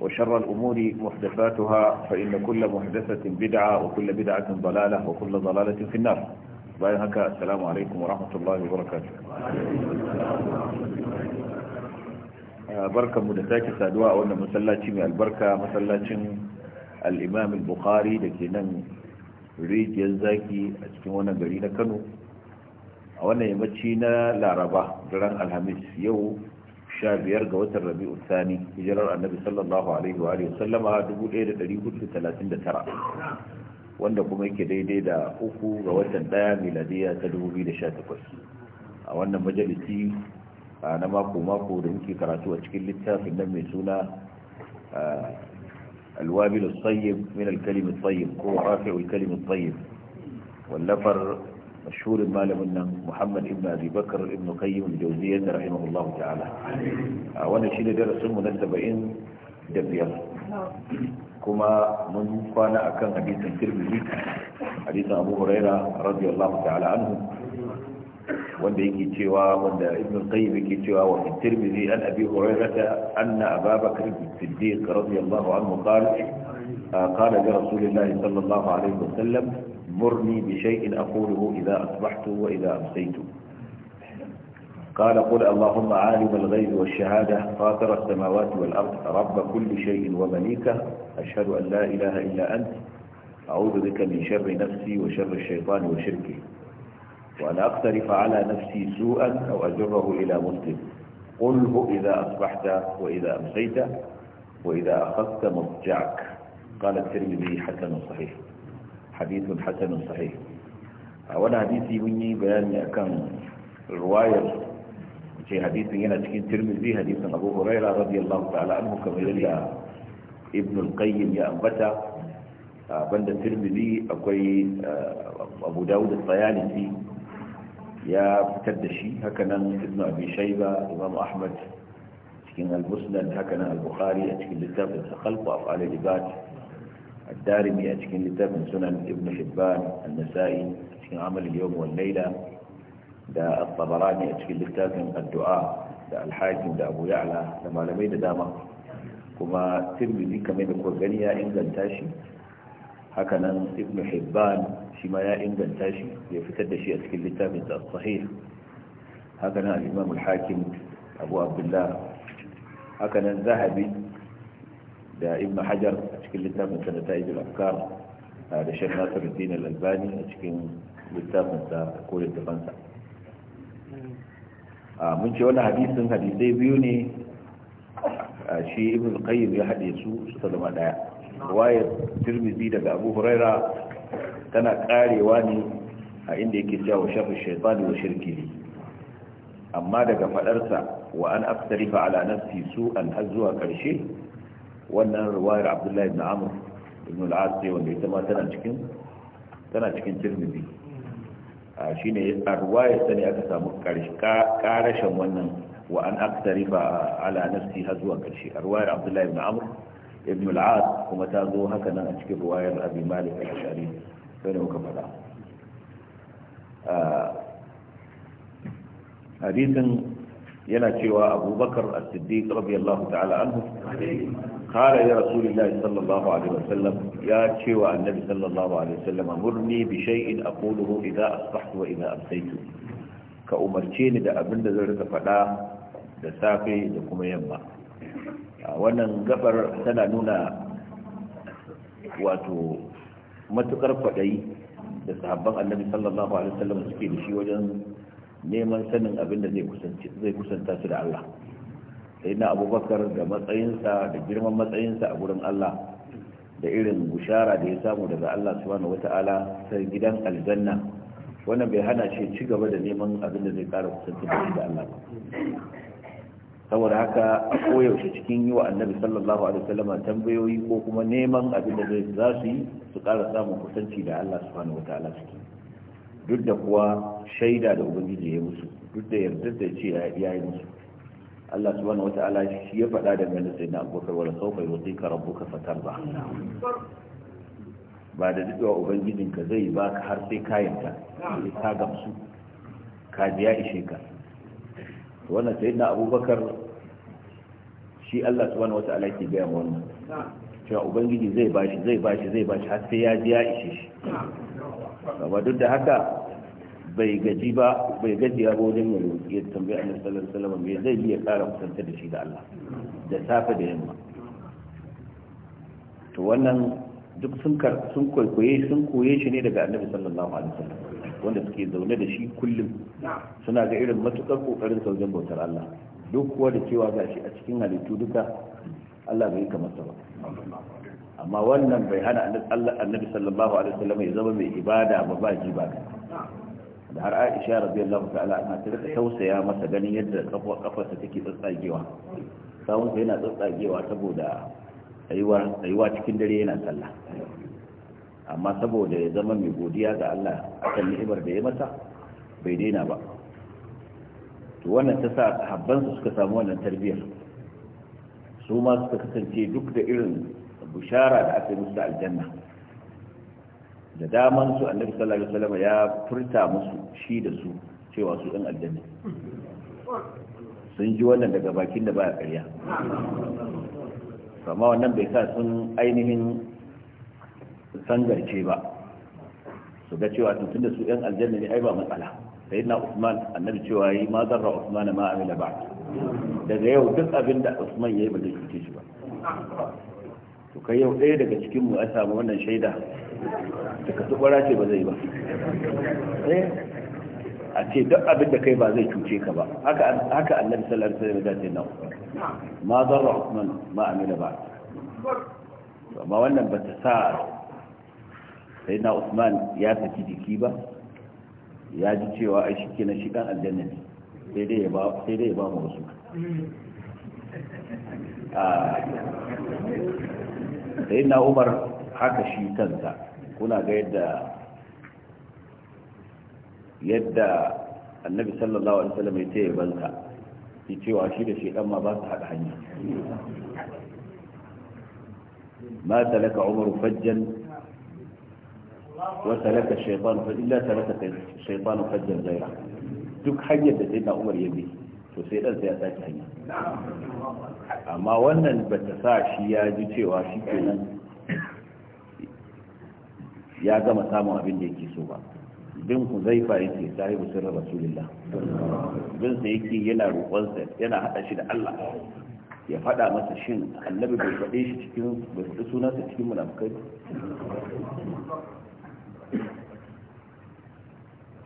وشر الأمور محدثاتها فإن كل محدثة بدعة وكل بدعة ضلالة وكل ضلالة في النار بعد السلام عليكم ورحمة الله وبركاته آه، بركة مدتاك سادواء وأن مسلاتي من البركة مسلاتي الإمام البخاري لكي نم ريج يزاكي أتكون برينا كانوا وانا يمتشينا yammaci na laraba daren sha biyar ga watan rabi'u sani hijirar annabi sallallahu alaihi wa sallama tara, wanda kuma yake daidai da uku ga watan daya miladiya ta dubu biyu da sha takwas, a wannan majalisi na mako-mako da muke karatu a cikin littafin nan mai suna alwabil tsayyib min alkalimin tsayyib ko rafi'ul kalimin tsayyib wallafar مشهور مالمنا محمد ابن أبي بكر ابن قيم الجوزية رحمه الله تعالى وانا شيل درس منسبين دبير كما من كان أكن حديث الترمذي حديث أبو هريرة رضي الله تعالى عنه wanda yake cewa wanda ibn qayyim yake cewa wa fi an abi hurairah anna ababakr as-siddiq radiyallahu anhu qala qala li rasulillahi sallallahu alaihi wasallam مرني بشيء أقوله إذا أصبحت وإذا أمسيت قال قل اللهم عالم الغيب والشهادة فاطر السماوات والأرض رب كل شيء ومليكه أشهد أن لا إله إلا أنت أعوذ بك من شر نفسي وشر الشيطان وشركه وأن أقترف على نفسي سوءا أو أجره إلى مسلم قله إذا أصبحت وإذا أمسيت وإذا أخذت مضجعك قال الترمذي حسن صحيح hadithun hasanun a wani hadisi mun yi bayani akan ruwayar ce hadisin yana cikin tirmizi hadisin abu huraira radiyallahu ta'ala anhu kamar yadda ibn ya ambata banda tirmizi akwai eh, abu dawud al-sayalisi ya fitar da shi hakanan ibn shaiba shayba imam ahmad cikin al-musnad hakanan al-bukhari a cikin littafin sa khalq af'al al الدارمي أتكين لتاب من سنن ابن حبان النسائي أتكين عمل اليوم والليلة دا الطبراني أتكين لتاب من الدعاء دا الحاكم دا أبو يعلى لما لميد داما كما ترمذي كما يقول غنيا إنجل تاشي هكذا ابن حبان شما يا إنجل تاشي يفتد شيء أتكين لتاب من الصحيح هكذا الإمام الحاكم أبو عبد الله هكذا الذهبي da ibn hajar a cikin littafin sa da ta'idul afkar da shek al-albani a cikin littafin sa ko littafin mun ce wani hadisin hadisai biyu ne shi ibn qayyim ya hade su su ta zama daya riwayar tirmidhi daga abu huraira tana karewa ne a inda yake cewa shaifan shaytani wa shirkihi amma daga faɗarsa wa an aftarifa ala nafsi an har zuwa karshe wannan ruwayar abdullahi ibn Amur, ibn al-as ce wanda ita ma tana cikin tana cikin tirmidhi a shine a ruwayar ta ne aka samu karashin wannan wa an aktarifa ala nafsi har zuwa karshe a ruwayar abdullahi ibn Amur, ibn al-as kuma ta zo haka nan a cikin ruwayar abi malik al-ashari sai ne muka faɗa hadisin yana cewa abubakar as-siddiq radiyallahu ta'ala anhu kare ya rasulullahi sallallahu alaihi wasallam ya ce wa annabi sallallahu alaihi wasallam murni bi shay'in aquluhu idza asbahtu wa idza amsaytu ka umarce ni da abin da zan rika faɗa da safe da kuma yamma wannan gabar tana nuna wato matukar faɗai da sahabban annabi sallallahu alaihi wasallam suke da shi wajen neman sanin abin da zai kusanta su da Allah sayyidina abubakar da matsayinsa da girman matsayinsa a gurin allah da irin bushara da ya samu daga allah subhanahu wata'ala sai gidan aljanna wannan bai hana shi ci gaba da neman abin da zai kara kusanci da shi da allah saboda haka a koyaushe cikin yi wa annabi sallallahu alaihi wasallam tambayoyi ko kuma neman abin da zai za su yi su kara samun kusanci da allah subhanahu wata'ala suke duk da kuwa shaida da ubangiji ya musu duk da yardar da ya ce ya yi musu Allah subhanahu ta'ala shi ya faɗa da mai sai na abubakar wala wa yuti ka buka fatar ba da duka ubangijinka zai ka har sai kayanta sai ka gamsu ka biya ishe ka wannan sai na abubakar shi Allah subhanahu ta'ala ke biya wannan cewa ubangiji zai bashi zai bashi zai bashi har sai ya biya ishe shi amma duk da haka bai gaji ba bai gaji ya wajen ya roƙi tambayi annabi sallallahu alaihi wasallam me zai iya ƙara kusanta da shi da Allah da safe da yamma to wannan duk sun kar sun koyi sun koye shi ne daga annabi sallallahu alaihi wasallam wanda suke zaune da shi kullum suna ga irin matukar kokarin saujan bautar Allah duk kuwa da cewa shi a cikin halittu duka Allah bai kamar sa ba amma wannan bai hana annabi sallallahu alaihi wasallam ya zama mai ibada ba ba ji ba da har aisha radiyallahu ta'ala ana ta rika tausaya masa ganin yadda kafarsa take tsatsagewa sawunsa yana tsatsagewa saboda tsayuwa cikin dare yana sallah amma saboda ya zama mai godiya ga Allah akan ni'imar da ya masa bai daina ba to wannan ta sa habbansa suka samu wannan tarbiyyar su ma suka kasance duk da irin bushara da aka yi musu aljanna da daman su annabi sallallahu alaihi wasallam ya furta musu shi da su cewa su ɗan aljanna sun ji wannan daga bakin da baya ƙarya amma wannan bai sa sun ainihin sangarce ba su ga cewa tun da su ɗan aljanna ne ai ba matsala sai na usman annabi cewa yi ma zarra usman ma amila ba daga yau duk abin da usman ya yi ba zai cuce shi ba to kai yau ɗaya daga cikin mu an samu wannan shaida da ce ba zai ba eh? a ce duk abin da kai ba zai cuce ka ba haka annabi sallallahu sai da zai ce na ma zarra Uthman ma Amina ba amma wannan ba ta sa sai na Uthman ya saki jiki ba ya ji cewa shi ke na shigan aljanna ne sai dai ya ba mu wasu ah. sai na Umar haka shi kansa kuna ga yadda yadda annabi sallallahu alaihi wasallam ya ce banka shi cewa shi da shi ma ba su hada hanya ma talaka umar fajjan wa talaka shaytan fa illa talaka shaytan fajjan zaira duk hanyar da sai da umar ya bi to sai dan sai ya saki hanya amma wannan ba ta sa shi ya ji cewa shi kenan ya gama samun abin da yake so ba bin fa yake sahibu sirrin rasulullah bin sa yake yana roƙonsa yana hada shi da Allah ya faɗa masa shin annabi bai faɗe shi cikin bai faɗi sunansa cikin munafikai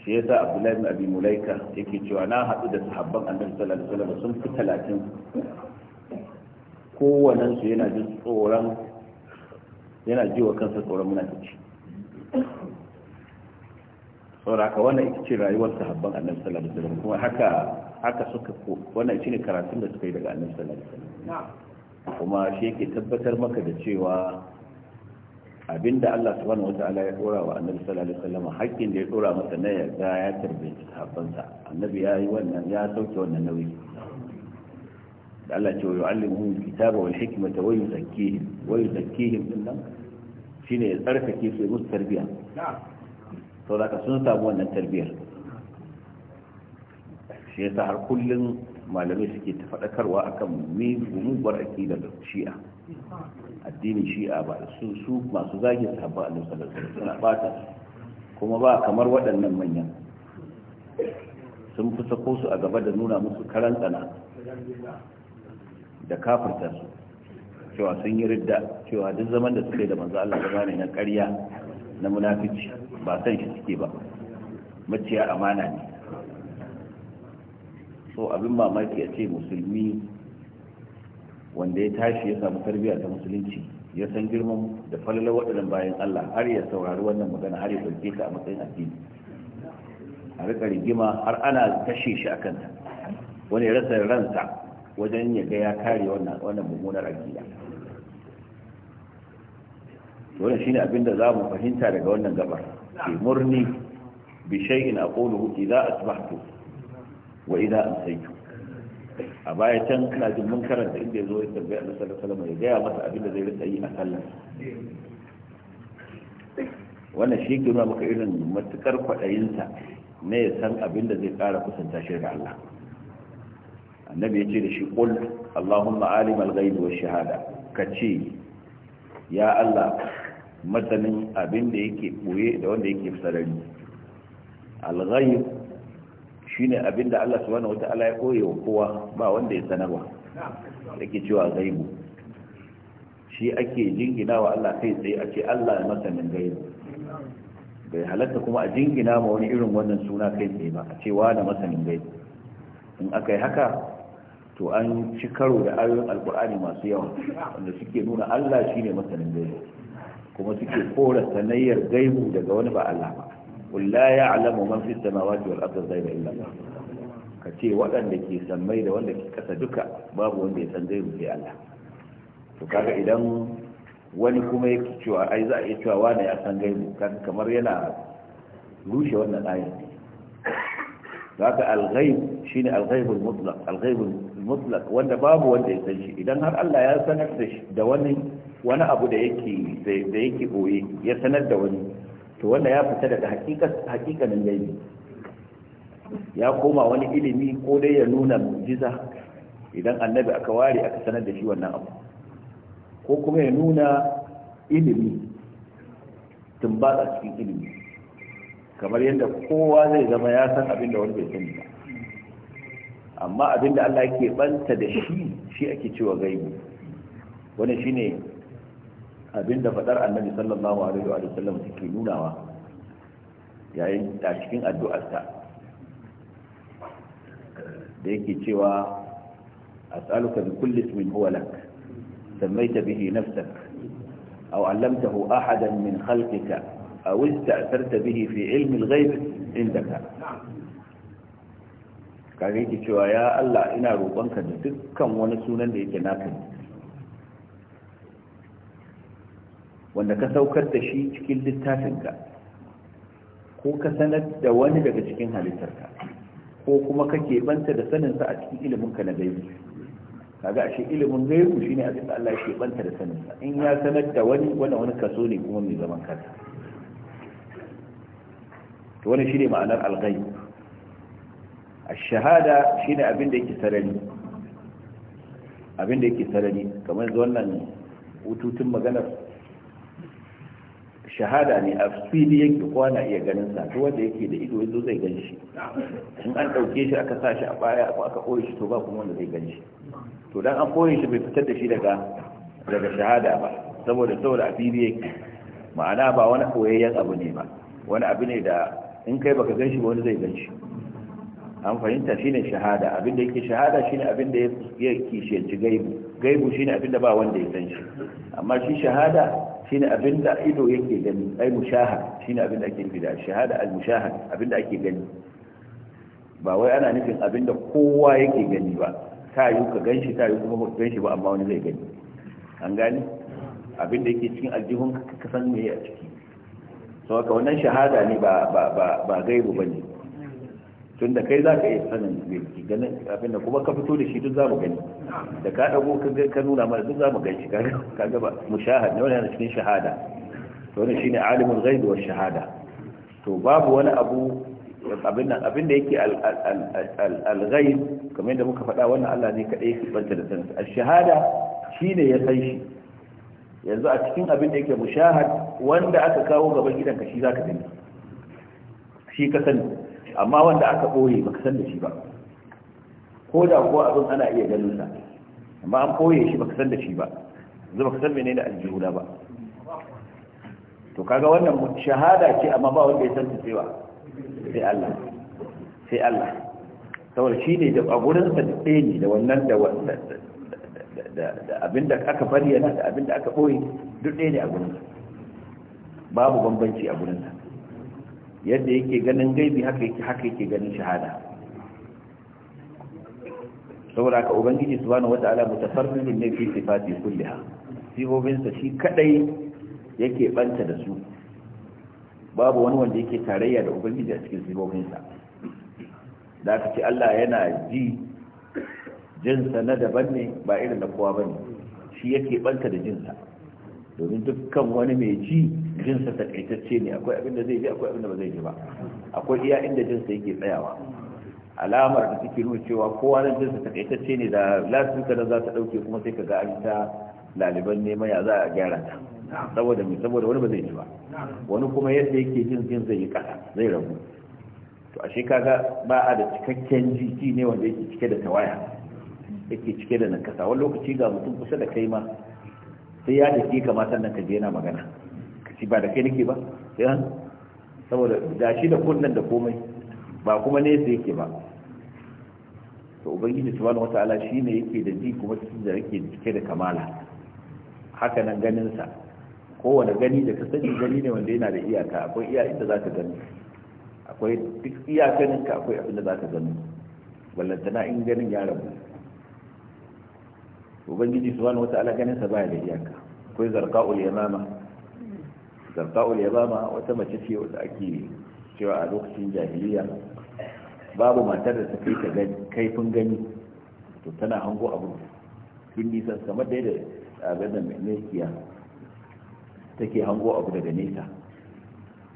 shi yasa abdullahi bin abi mulaika yake cewa na haɗu da sahabban annabi sallallahu alaihi wasallam sun fi talatin kowannen su yana jin tsoron yana ji wa kansa tsoron munafici sauraka wannan ita ce rayuwar sahabban annabi sallallahu alaihi wasallam kuma haka haka suka ko wannan shine karatun da suka yi daga annabi sallallahu alaihi wasallam kuma shi yake tabbatar maka da cewa abinda Allah subhanahu wataala ya dora wa annabi sallallahu alaihi wasallam hakkin da ya dora masa na yarda ya tarbiyyar sahabbansa annabi ya yi wannan ya sauke wannan nauyi da Allah ce wa yu'allimuhum kitaba wal hikmata wa yuzakkihim wa yuzakkihim din nan shine ya tsarkake su musu tarbiya sau da sun samu wannan tarbiyar shi har kullum malamai suke ta faɗakarwa akan muguwar da shi'a addinin shi'a ba su su masu zagin sahabba a nan suna ɓata kuma ba kamar waɗannan manyan sun fi sako su a gaba da nuna musu karan da kafirta su cewa sun yi ridda cewa duk zaman da suke da manzo Allah zama ne na ƙarya na munafici ba san shi suke ba maciya amana ne so abin mamaki a ce musulmi wanda ya tashi ya samu tarbiyya ta musulunci ya san girman da falala waɗannan bayan Allah har ya saurari wannan magana har ya ɗauke ta a matsayin addini a riƙa rigima har ana kashe shi a kanta wani rasa ransa wajen ya ga ya kare wannan mummunar aƙida wannan shine abinda za mu fahimta daga wannan gabar ke murni bi shay'in aquluhu idza asbahtu wa idza amsaytu a baya can kana jin mun karanta inda yazo ya tambaya Annabi sallallahu alaihi wasallam ya gaya masa abinda zai rika yi a sallah wannan shi ke nuna maka irin matukar kwaɗayinsa na ya san abin da zai ƙara kusanta shi da Allah annabi ya ce da shi qul allahumma alim al-ghaibi wash shahada kace ya Allah masanin abin da yake ɓoye da wanda yake sarari al shine abin da Allah subhanahu wata'ala ya koye wa kowa ba wanda ya sanarwa yake cewa ghaibu shi ake jingina wa Allah kai tsaye a ce Allah masanin ghaibu bai halatta kuma a jingina ma wani irin wannan suna kai tsaye ba a cewa da masanin ghaibu in aka yi haka to an ci karo da ayoyin alkur'ani masu yawa wanda suke nuna Allah shine masanin ghaibu kuma suke kora sanayyar gaibu daga wani ba Allah ba qul la ya'lamu man fis samawati wal ardi ghaiba illa Allah ka ce waɗanda ke sammai da wanda ke kasa duka babu wanda ya san gaibu sai Allah to kaga idan wani kuma yake cewa ai za a iya cewa wani ya san gaibu kamar yana rushe wannan ayat zaka al-ghaib shine al-ghaibul mutlaq al-ghaibul mutlaq wanda babu wanda ya san shi idan har Allah ya sanar da wani wani abu da yake da yake boye ya sanar da wani to wanda ya fita daga hakikanin gaibi ya koma wani ilimi ko dai ya nuna mu'jiza idan annabi aka ware aka sanar da shi wannan abu ko kuma ya nuna ilimi a cikin ilimi kamar yadda kowa zai zama ya san abin da wani bai sani ba amma abin da Allah yake banta da shi shi ake cewa gaibi wani shine abinda fadar annabi sallallahu alaihi wa sallam take nunawa yayin da cikin addu'arsa da yake cewa as'aluka bi kulli ismin huwa lak sammaita bihi nafsak aw 'allamtahu ahadan min khalqika aw ista'tharta bihi fi 'ilmi al-ghayb indaka kage yake cewa ya Allah ina roƙonka da dukkan wani sunan da yake naka ne wanda ka saukar da shi cikin littafinka ko ka sanar da wani daga cikin halittarka ko kuma ka keɓanta da saninsa a cikin iliminka na gaibu kaga ashe ilimin gaibu shine a cikin Allah ya keɓanta da saninsa in ya sanar da wani wanda wani kaso ne kuma mai zaman kansa to wannan shine ma'anar al-ghaib ash-shahada shine abin da yake sarari abin da yake sarari kamar yanzu wannan hututun maganar shahada ne a fili yake kowa na iya ganin sa to wanda yake da ido yanzu zai gan shi in an dauke shi aka sa shi a baya ko aka kore shi to ba kuma wanda zai gan shi to dan an kore shi bai fitar da shi daga daga shahada ba saboda saboda a fili yake ma'ana ba wani koyayyen abu ne ba wani abu ne da in kai baka gan shi ba wani zai gan shi an fahimta shine shahada abinda yake shahada shine abinda ya kishiyanci gaibu gaibu shine abinda ba wanda ya san shi amma shi shahada shine abinda ido yake gani ai mushahad shine abinda ake nufi da shahada al mushahad abinda ake gani ba wai ana nufin abinda kowa yake gani ba ta yi ka ganshi ta yi kuma gan shi ba amma wani zai gani an gani abinda yake cikin aljihun ka san me a ciki saboda wannan shahada ne ba ba ba gaibu bane tun da kai za ka iya sanin bilki ganin abin da kuma ka fito da shi duk za mu gani da ka ɗago ka nuna mana duk za mu gani ka gaba mushahad ne wani yana cikin shahada to wani shine alimul ghaibi wa shahada to babu wani abu abin nan abin da yake al-ghaib kamar yadda muka faɗa wannan Allah ne kadai yake banta da sanin al-shahada shine ya san shi yanzu a cikin abin da yake mushahad wanda aka kawo gaban gidanka shi zaka gani shi ka sani amma wanda aka ɓoye baka san da shi ba ko da kuwa abin ana iya ganin sa amma an ɓoye shi baka san da shi ba zai baka san menene aljihuna ba to kaga wannan shahada ce amma ba wanda ya san ta cewa sai Allah sai Allah saboda shi ne da a sa da ɗaya ne da wannan da abin da abinda aka yana da abinda aka ɓoye duk ɗaya ne a gurin babu bambanci a gurin sa yadda yake ganin gaibi haka yake haka yake ganin shahada saboda ka ubangiji subhanahu wata'ala mutafarridun ne fi sifati kulliha sifofin sa shi kadai yake banta da su babu wani wanda yake tarayya da ubangiji a cikin sifofin sa da aka ce Allah yana ji jinsa na daban ne ba irin da kowa bane shi yake banta da jinsa domin dukkan wani mai ji jinsa takaitacce ne akwai abin da zai ji akwai abin da ba zai ji ba akwai iya inda jinsa yake tsayawa alamar da take nuna cewa kowa na jinsa takaitacce ne da lafiyarka da za ta dauke kuma sai ka ga an ta laliban ne ya za a gyara ta saboda mai saboda wani ba zai ji ba wani kuma yadda yake jin jin zai yi kasa zai rabu to a kaga ba a da cikakken jiki ne wanda yake cike da tawaya yake cike da nakasa wani lokaci ga mutum kusa da kai ma sai ya da kika ma sannan ka je yana magana shi ba da kai nake ba ya saboda da shi da kunnan da komai ba kuma ne sai yake ba to ubangiji subhanahu wataala shine yake da ji kuma cikin da yake cike da kamala haka nan ganin sa kowane gani da ka sani gani ne wanda yana da iyaka akwai iya inda zaka gani akwai duk iyakanin ka akwai abin da zaka gani ballantana in ganin ya rabu ubangiji subhanahu wataala ganin sa baya da iyaka akwai zarqa'ul yamama zarqa'ul yamama wata mace ce wanda ake cewa a lokacin jahiliya babu matar da ta kai ta kaifin gani to tana hango abu tun nisan kamar da yadda abin da nekiya take hango abu daga nesa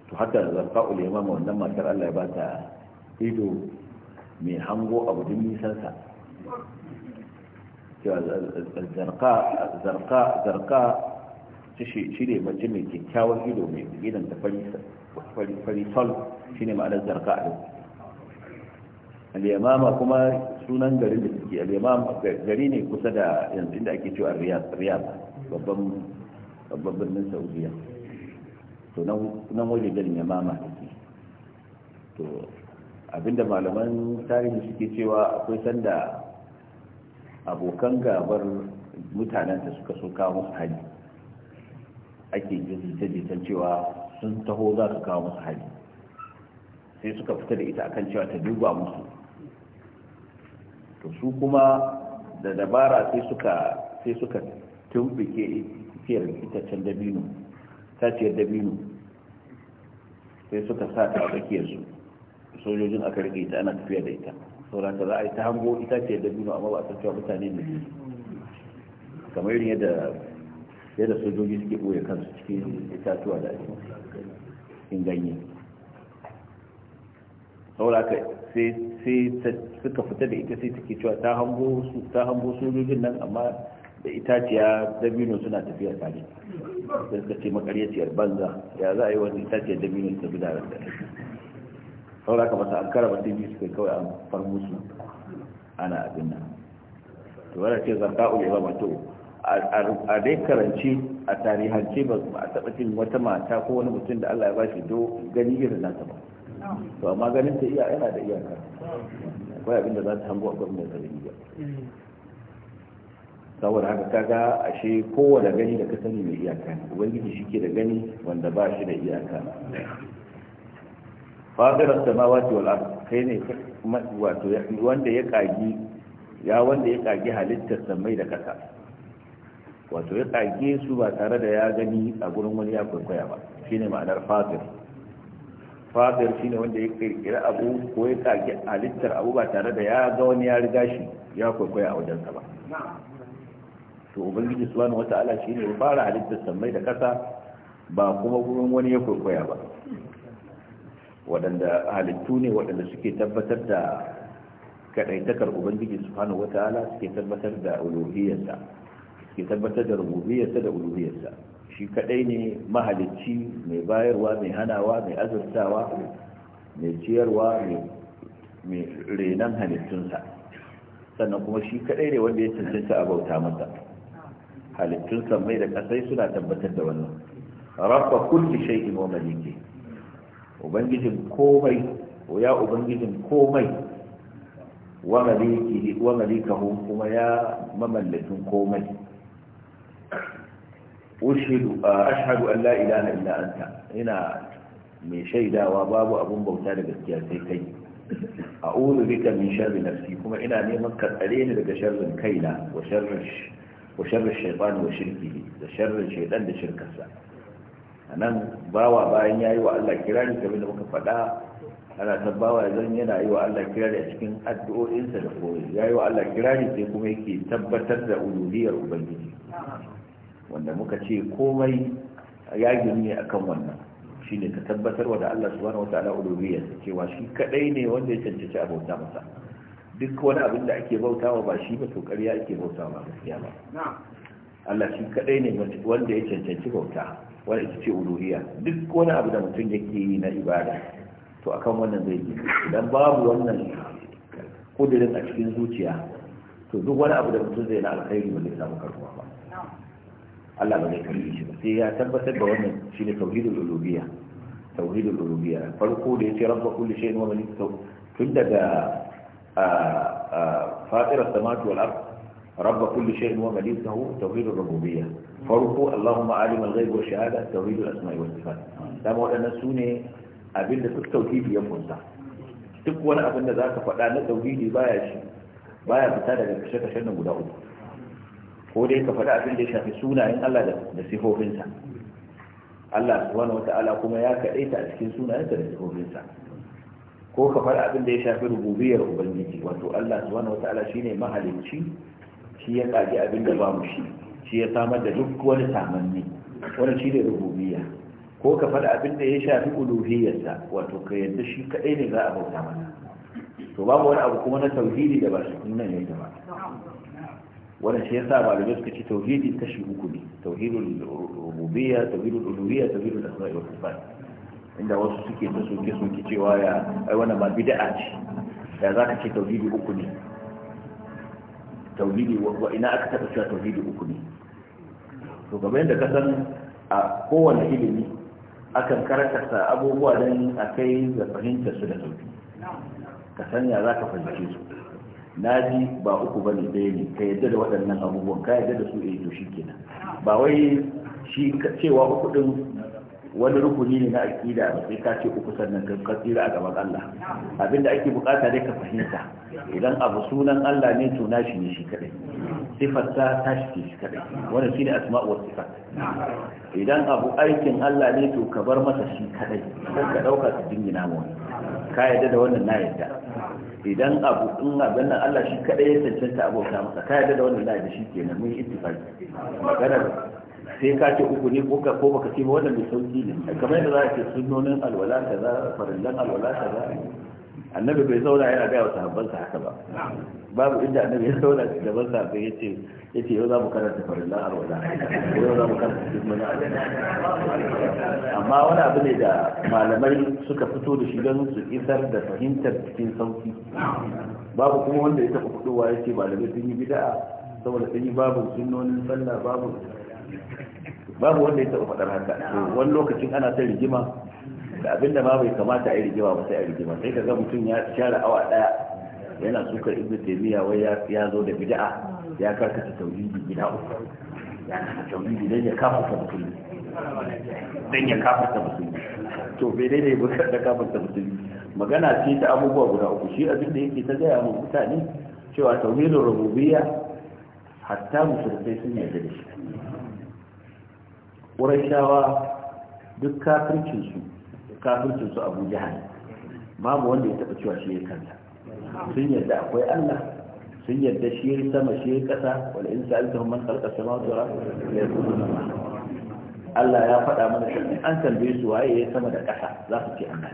to hatta da zarqa'ul yamama wannan matar Allah ya ba ta ido mai hango abu duk nisansa cewa zarka shi ne mace mai kyakkyawan ido mai idan ta fari sol shi ne ma'anar zarka a al-yamama kuma sunan garin da suke al-yamama gari ne kusa da yanzu da ake cewa riyad babban babban birnin saudiya to nan waje al yamama take to abinda malaman tarihi suke cewa akwai sanda abokan gabar mutanenta suka so kawo musu hali ake jita cewa sun taho za su kawo masu hari sai suka fita da ita akan cewa ta duba musu to su kuma da dabara sai suka sai suka tumbike fiyar itacen dabino taciyar dabino sai suka sa ta tsakiyar su sojojin aka rike ita ana tafiya da ita ta za a yi ta hango itaciyar dabino amma ba a cewa mutane ne kamar yadda sai da sojoji suke ɓoye kansu cikin itatuwa da ake cikin ganye saboda sai suka fita da ita sai take cewa ta hango su ta hango sojojin nan amma da itaciya dabino suna tafiya tare sai suka ce makaryaciyar banza ya za a yi wani itaciyar dabino su tafi da ranta saboda haka masu an karaba mutum biyu suka kawai an far musu ana abin nan to wanda ce zarka ul irama to a dai karance a tarihance ba a taɓa cin wata mata ko wani mutum da Allah ya ba shi do gani irin nasa ba to amma ganin ta iya yana da iyaka akwai abin da za ta hango akwai mai zargi ba saboda haka kaga ashe kowane gani da ka sani mai iyaka ne ubangiji shi ke da gani wanda ba shi da iyaka da samawati wal ard kai ne wato wanda ya kagi ya wanda ya kagi halittar samai da kasa wato ya tsage su ba tare da ya gani a gurin wani ya kwaikwaya ba shine ma'anar fadir shi shine wanda ya kirkira abu ko ya tsage halittar abu ba tare da ya ga wani ya riga shi ya kwaikwaya a wajensa ba to ubangiji su ala shi shine ya fara halittar sammai da kasa ba kuma gurin wani ya kwaikwaya ba waɗanda halittu ne waɗanda suke tabbatar da kaɗaitakar ubangiji subhanahu wata'ala suke tabbatar da uluhiyarsa ke tabbatar da rububiyarsa da uluhiyarsa shi kadai ne mahalicci mai bayarwa mai hanawa mai azurtawa mai ciyarwa mai renan halittunsa sannan kuma shi kadai ne wanda ya cancanta a bauta masa halittunsa mai da kasai suna tabbatar da wannan rafa kulli shay'in wa malike ubangijin komai ya ubangijin komai wa malike wa malikahu kuma ya mamallakin komai ashahadu an la ilaha illa anta ina mai shaidawa babu abun bauta da gaskiya sai kai a uzu bika min sharri nafsi kuma ina neman ka tsare ni daga sharrin kaina wa sharrin wa sharrin shaytan wa shirki da sharrin shaytan da shirkarsa anan bawa bayan yayi wa Allah kirani kamar da muka faɗa ana ta ya zan yana yi wa Allah kirani a cikin addu'o'insa da koyi yayi wa Allah kirani sai kuma yake tabbatar da ululiyar ubangiji wanda muka ce komai ya girme akan wannan shi ne ka tabbatarwa da Allah su subhanahu wataala uluhiyyar cewa shi kadai ne wanda ya cancanci bauta masa duk wani abin da ake bautawa ba shi ba to ƙarya ake bautawa ba gaskiya ba Allah shi kadai ne wanda ya cancanci bauta wanda ita ce uluhiyya duk wani abu da mutum yake yi na ibada to akan wannan zai yi idan babu wannan kudirin a cikin zuciya to duk wani abu da mutum zai na alkhairi ba zai samu karbuwa ba Allah ba zai karbi shi ba sai ya tabbatar da wannan shine tauhidul uluhiyya tauhidul uluhiyya farko da yace rabba kulli shay'in wa malikatu tun daga fatir as-samawati wal ard rabba kulli shay'in wa malikatu tauhidur rububiyya farko Allahumma alim al-ghaib wa shahada tauhidul asma'i was sifat dama wadannan sune abinda duk tauhidi ya kunsa duk wani abin da zaka faɗa na tauhidi baya shi baya fita daga kashe-kashen nan guda uku ko dai ka faɗi abin da ya shafi sunayen Allah da sifofinsa Allah subhanahu ta'ala kuma ya kaɗaita a cikin sunayen da sifofinsa ko ka faɗi abin da ya shafi rububiyar ubangiji wato Allah subhanahu wata'ala shine mahalicci shi ya kaji abin da ba mu shi shi ya samar da duk wani samanni wani shi ne rububiyya ko ka faɗi abin da ya shafi uluhiyyarsa wato ka yadda shi kaɗai ne za a bauta mana, to babu wani abu kuma na tauhidi da ba shi nan yake ba wannan shi yasa malamai suka ce tauhidi kashi uku ne tauhidul rububiyya tauhidul uluhiyya tauhidul asma'i wa sifat inda wasu suke ta soke soke cewa ya ai wannan ba bid'a ce ya zaka ce tauhidi uku ne tauhidi wa ina aka taba cewa tauhidi uku ne to kamar yadda ka san a kowane ilimi akan karanta abubuwa dan akai da fahimtar su da sauki ka san ya zaka fahimce su na ji ba uku bane ɗaya ne ka yadda da waɗannan abubuwan ka yadda da su eh to kenan. ba wai shi cewa uku din wani rukuni ne na aƙida ba sai ka ce uku sannan ka kasira a gaban Allah abinda ake bukata dai ka fahimta idan abu sunan Allah ne to nashi ne shi kadai sifar ta tashi ce shi kadai wannan shine asma'u was sifat idan abu aikin Allah ne to ka bar masa shi kadai kar ka dauka ka dingina mu wani ka yadda da wannan na yadda idan abu in abin nan Allah shi kadai ya cancanta abokan masa ka yadda da wannan na yadda shi kenan mun ittifaqi maganar sai ka ce uku ne ko ko baka ce ba wannan mai sauki ne kamar yadda za a ce sunnonin alwala kaza farillan alwala kaza annabi bai zauna yana gaya wa sahabbansa haka ba babu inda annabi ya zauna gaban sahabbai ya ce ya ce yau za mu karanta farillan arwala yau za mu karanta mana amma wani abu ne da malamai suka fito da shi don su isar da fahimtar cikin sauki babu kuma wanda ya taɓa fitowa ya ce malamai sun yi bida'a saboda sun yi babu sunnonin sallah babu babu wanda ya taɓa faɗar haka wani lokacin ana ta rigima da abinda ma bai kamata a yi rigima ba sai a rigima sai ka ga mutum ya share awa daya yana sukar ibnu taymiya wai ya zo da bid'a ya ta tauhidi bid'a ya karkata tauhidi dan ya kafa musulmi dan ya kafa mutum to bai daidai ba da kafa musulmi magana ce ta abubuwa guda uku shi abin da yake ta gaya mu mutane cewa tauhidin rububiyya hatta musulmai sun yarda da shi ƙurashawa duk kafircinsu kafircin su abu jihar babu wanda ya taɓa cewa shi ya kanta sun yadda akwai allah sun yadda shi ya sama shi ya kasa wal in sa'alta man sama samawati ra ardi la yaquluna ma Allah ya faɗa mana shi an tambaye su waye ya sama da kasa za su ce Allah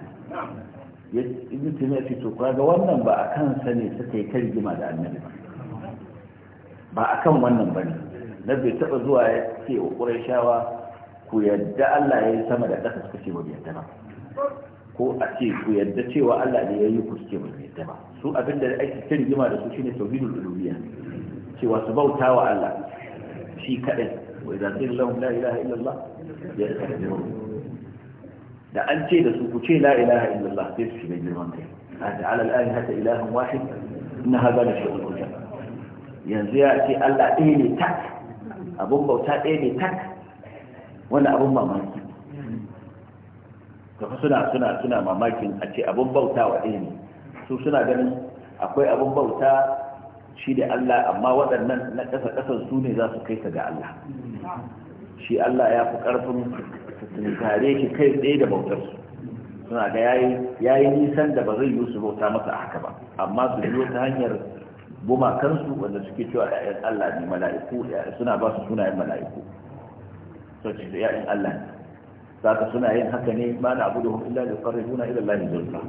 ya ibn ce to wannan ba akan sa ne suka yi da annabi ba wannan bane na bai taɓa zuwa ya ce wa shawa ku yadda Allah ya yi sama da ƙasa suka ce wa bai yadda ba ko a ce ku yadda cewa Allah ne ya yi ku suke mai yarda ba su abin da ake ta rigima da su shine tauhidul uluhiyya cewa su bauta wa Allah shi kadai wa idza qila lahum la ilaha illa Allah yastakbirun da an ce da su ku ce la ilaha illa Allah sai su shiga girman kai a ta'ala al-alihata ilahun wahid inna hadha la shay'un ujab yanzu ya ce Allah ɗaya ne tak abun bauta ɗaya ne tak wannan abun mamaki tafi suna suna suna mamakin a ce abin bauta wa ɗaya ne su suna ganin akwai abin bauta shi da Allah amma waɗannan na ƙasa ƙasar su ne za su kai ta ga Allah shi Allah ya fi ƙarfin tare shi kai tsaye da bautar su suna ga yayi nisan da ba zai yi su bauta masa haka ba amma su yi ta hanyar gumakansu wanda suke cewa ‘ya'yan Allah ne mala'iku suna ba su sunayen mala'iku sau ce ‘ya'yan Allah ne saka suna yin haka ne ma na abudu hum illa li qarribuna ila allahi zulfa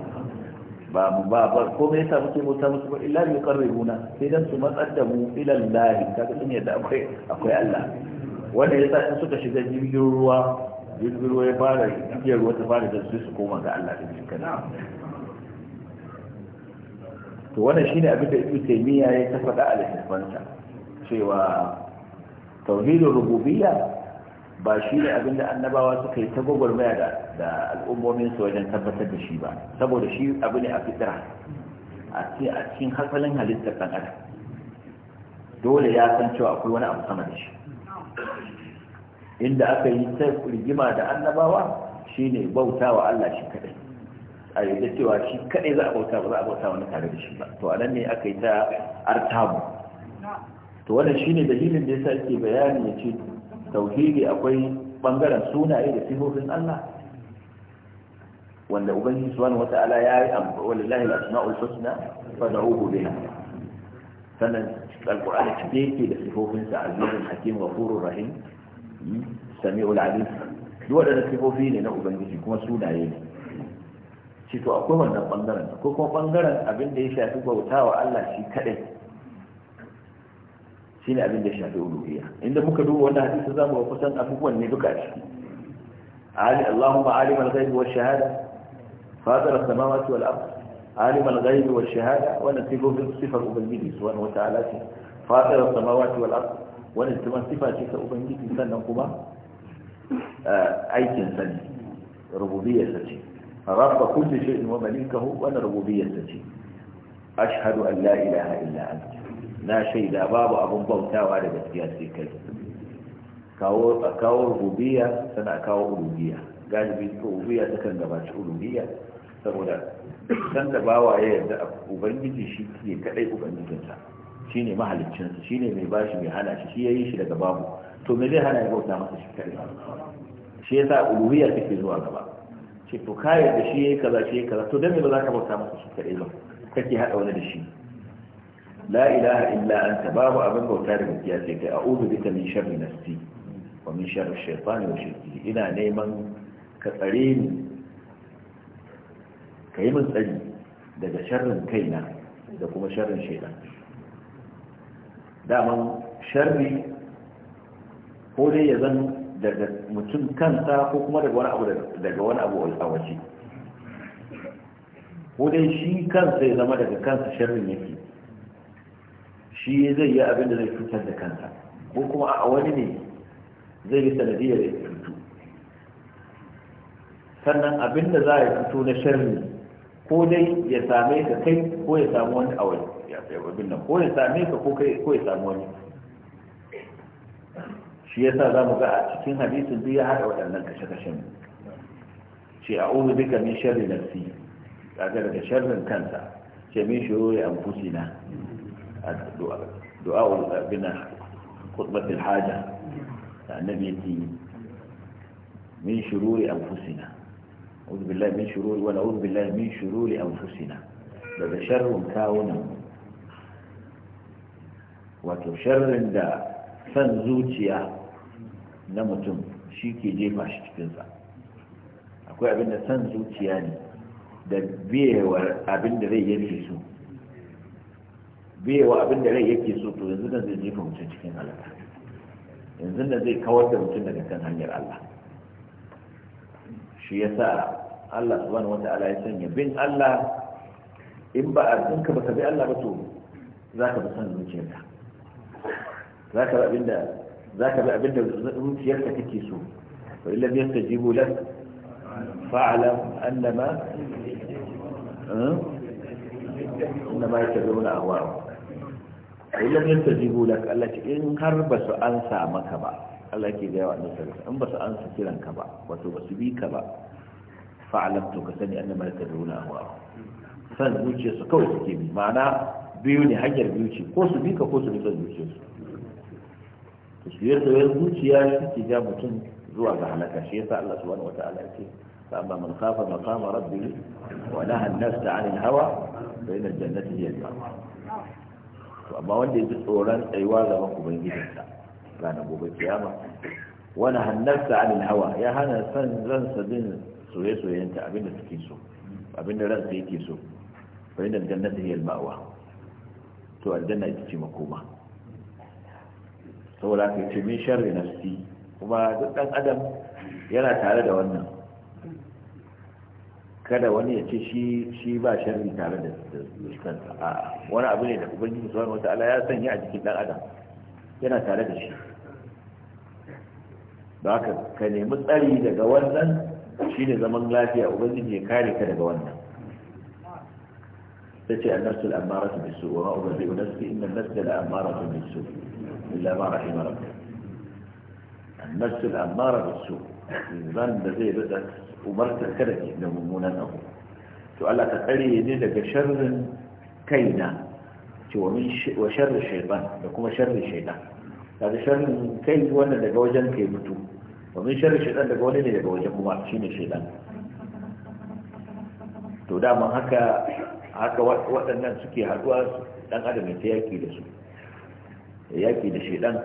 ba mu ba ba ko me yasa muke mutar musu ba illa li huna sai dan su matsar da mu ila allahi kaga sun yadda akwai akwai Allah wanda yasa in suka shiga jirgin ruwa jirgin ruwa ya fara jirgin ruwa ta fara da su su koma ga Allah din shi kana to wannan shine abin da Ibn Taymiyyah ya ta faɗa a littafansa cewa tauhidul rububiyya ba shi ne abinda annabawa suka yi ta gwagwarmaya da al'ummominsu wajen tabbatar da shi ba saboda shi abu ne a fitira a cikin hasalin halittar ɗan adam dole ya san cewa akwai wani abu sama da shi inda aka yi ta rigima da annabawa shine bauta wa Allah shi kaɗai. a yadda cewa shi kaɗai za a bauta ba za a bauta wani tare da shi ba to a nan ne aka yi ta artabu to wannan ne dalilin da yasa yake bayani ya ce tauhidi akwai bangaren sunaye da sifofin Allah wanda ubangiji subhanahu wata'ala ya yi walillahi al-asma'ul husna fad'uhu biha sannan alqur'ani cike yake da sifofin sa al-azizul hakim ghafurur rahim hmm, sami'ul alim duk wadannan sifofi ne na ubangiji kuma sunaye ne shi to akwai wannan bangaren ko kuma bangaren abin da ya shafi bautawa Allah shi kadai shine abin da shafi uluhiyya inda muka duba wannan hadisi za mu kusan abubuwan ne duka ciki ali allahumma alim al-ghaib wa shahada fatar as-samawati wal ard alim al-ghaib wa shahada wa nasibu bi sifat ubangiji subhanahu wa ta'ala ce fatar as-samawati wal ard wa nasibu sifa ce ubangiji sannan kuma eh, aikin sani rububiyyar sa ce rabba kulli shay'in wa malikahu wa rububiyyar sa ce ashhadu an la ilaha illa anta na shaida babu abin bautawa da gaskiya sai kai kawo a kawo rubiya tana kawo ulubiya galibi ko ulubiya takan gabaci ulubiya saboda san da bawa ya yarda ubangiji shi ke kadai ubangijin sa shine mahaliccinsa sa shine mai bashi mai hana shi shi ya yi shi daga babu to me zai hana ya bauta masa shi kai shi ya sa take zuwa gaba ce to kai da shi ya yi kaza shi ya yi kaza to dan me ba za ka bauta masa shi kai ba kake haɗa wani da shi la ilaha إلا أنت babu abin bauta da أعوذ بك kai شر نفسي ومن شر الشيطان wa إنا نيما shaytani كيما shirki ina neman ka ni ka yi min tsari daga sharrin kaina da kuma sharrin shaidan daman sharri ko dai ya zan daga mutum kansa ko kuma daga wani abu daga wani a waje ko dai shi kansa ya zama daga kansa sharrin yake shi zai yi abin da zai fitar da kansa ko kuma a wani ne zai yi sanadiyar ya fito sannan abin da za a fito na sharri ko dai ya same ka kai ko ya samu wani a wani Ya abin nan ko ya same ka ko kai ko ya samu wani shi ya sa za mu ga a cikin hadisin duk ya haɗa waɗannan kashe-kashen ce a uzu duka min sharri fi ƙagar daga sharrin kansa ce min shiro ya na. du'a bina khutbatul haja da annabi yake min shururi أعوذ بالله من شرور ونعوذ بالله من شرور أنفسنا daga sharrin kawunan wato sharrin da san zuciya na mutum shi ke jefa shi cikinsa akwai abin da san zuciya ne da biyewar abin da zai yake su biyewa abin da rai yake so to yanzu da zai jefa mutum cikin halaka yanzu da zai kawar da mutum daga kan hanyar Allah shi ya sa Allah subhanahu wata'ala ya sanya bin Allah in ba a tsinka ba ka bi Allah ba to za ka bi son zuciyarka za ka bi abinda za ka bi abinda zuciyarka take so fa illa bi yastajibu lak fa'lam annama annama eh, yatabuna ahwa'ahum Ayi, ai lam yastajibu lak Allah ce in har ba su ansa maka ba Allah ke ga yawa annabi in ba su ansa kiran ka ba wato ba su bi ka ba fa'alam to ka sani annama yataduna ahwa san zuciya su kawai suke bi ma'ana biyu ne hanyar biyu ko su bi ka ko su bi san zuciya su to su yarda wani zuciya shi ke ja mutum zuwa ga halaka shi yasa Allah subhanahu wataala ya ce فأما من خاف مقام ربه ونهى النفس عن الهوى فإن الجنة هي المأوى to amma wanda ya ji tsoron tsayuwa gaban ubangijinsa rana gobe kiyama wani hannarsa anil hawa ya hana san ransa bin soye-soyenta abinda suke so abinda ransa yake so bai da jannata hiyar ma'awa to aljanna ita ce makoma saboda ka ce min sharri nafsi kuma duk dan adam yana tare da wannan kada wani ya ce shi shi ba sharri tare da kansa a wani abu ne da ubangiji wata ala ya sanya a jikin dan adam yana tare da shi ba ka ka nemi tsari daga wannan shi ne zaman lafiya ubangiji ya kare ka daga wannan tace annasul amaratu bisu wa ma'udu bi nafsi inna nafsa la su bisu illa ma rahima rabbuk annasul amaratu bisu zan da zai rika umartar kada ki da mummunan abu to Allah ka tsare ni daga sharrin kaina ce wa min wa sharri shaytan da kuma sharri shaytan daga sharrin kai wannan daga wajen kai mutu wa min sharri shaytan daga wani ne daga wajen kuma shine shaytan to dama haka haka waɗannan suke haɗuwa dan adam ya yaki da su ya yaki da shaidan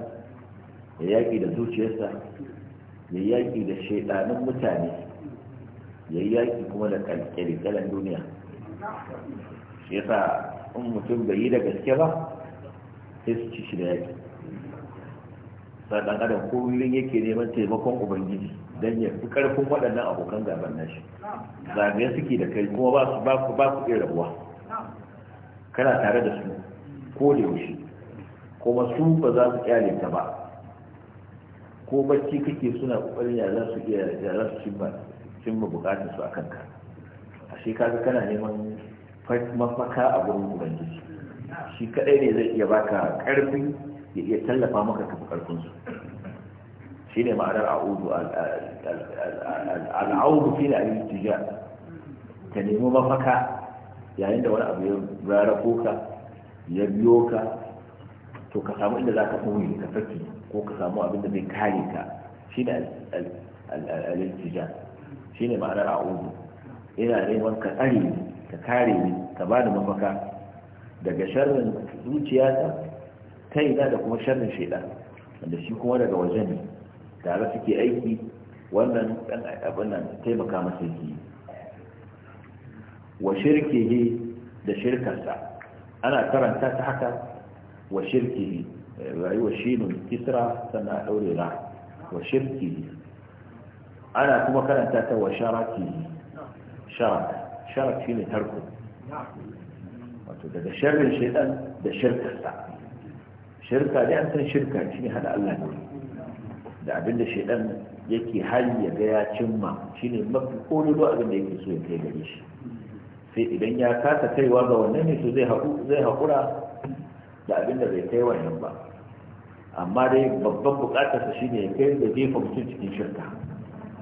ya yaki da zuciyarsa ya yaki da shaidanin mutane yayi yaki kuma da kalkalan duniya shi yasa in mutum bai yi da gaske ba sai su ci shi da yaki sadan adam kullum yake neman taimakon ubangiji don ya fi karfin waɗannan abokan gaban nashi zagaye suke da kai kuma ba su ba ku ba ku iya rabuwa kana tare da su ko da yaushe kuma su ba za su ƙyale ta ba ko bacci kake suna ƙoƙarin ya za su iya ya za su cimma cimma bukatar su akan ka ashe kaga kana neman mafaka a gurin ubangiji shi kadai ne zai iya baka karfi ya iya tallafa maka kafa karfin su shine ma'anar a'udu al'audu shine a yi ka nemi mafaka yayin da wani abu ya rarrafo ka ya biyo ka to ka samu inda za ka koyi ka saki ko ka samu abin da zai kare ka shi da al'iltija shine ma'anar a'udhu ina neman ka tsare ni ka kare ni ka ba ni mafaka daga sharrin zuciyata kaina da kuma sharrin shaidan wanda shi kuma daga waje ne tare suke aiki wannan dan abin nan taimaka masa yake wa shirkihi da shirkarsa ana karanta ta haka wa shirkihi rayuwar shinun kisra sannan a daure ra wa shirkihi ana kuma karanta ta wa sharaki sharak sharak shine tarko wato daga sharrin shaitan da shirkarsa shirka dai an san shirka shi ne hada Allah ne da abinda shaitan yake hali ya ga ya cimma shine mafi kololo abin da yake so ya kai gare shi sai idan ya kasa kaiwa ga wannan ne to zai haƙura da abinda bai kai wannan ba amma dai babban buƙatarsa shine ya kai da jefa mutum cikin shirka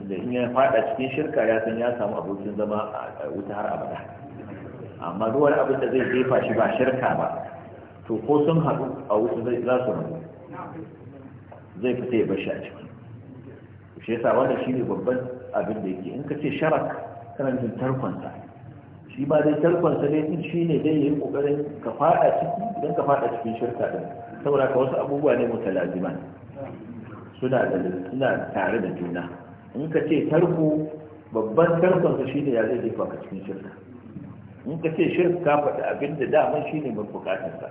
da in ya fada cikin shirka ya san ya samu abokin zama a wuta har abada amma duk wani abin da zai jefa shi ba shirka ba to ko sun haɗu a wuta zai za su rabu zai fita ya bar shi a ciki shi yasa wannan shine babban abin da yake in ka ce sharak kana jin tarkonsa shi ba dai tarkonsa ne din shine dai yayin kokarin ka fada ciki idan ka fada cikin shirka din saboda ka wasu abubuwa ne mutalaziman suna da suna tare da juna in ka ce tarko babban tarkonsa shi ne ya zai jefa ka cikin shirka in ka ce shirka ka faɗi abin da daman shi ne bukatarsa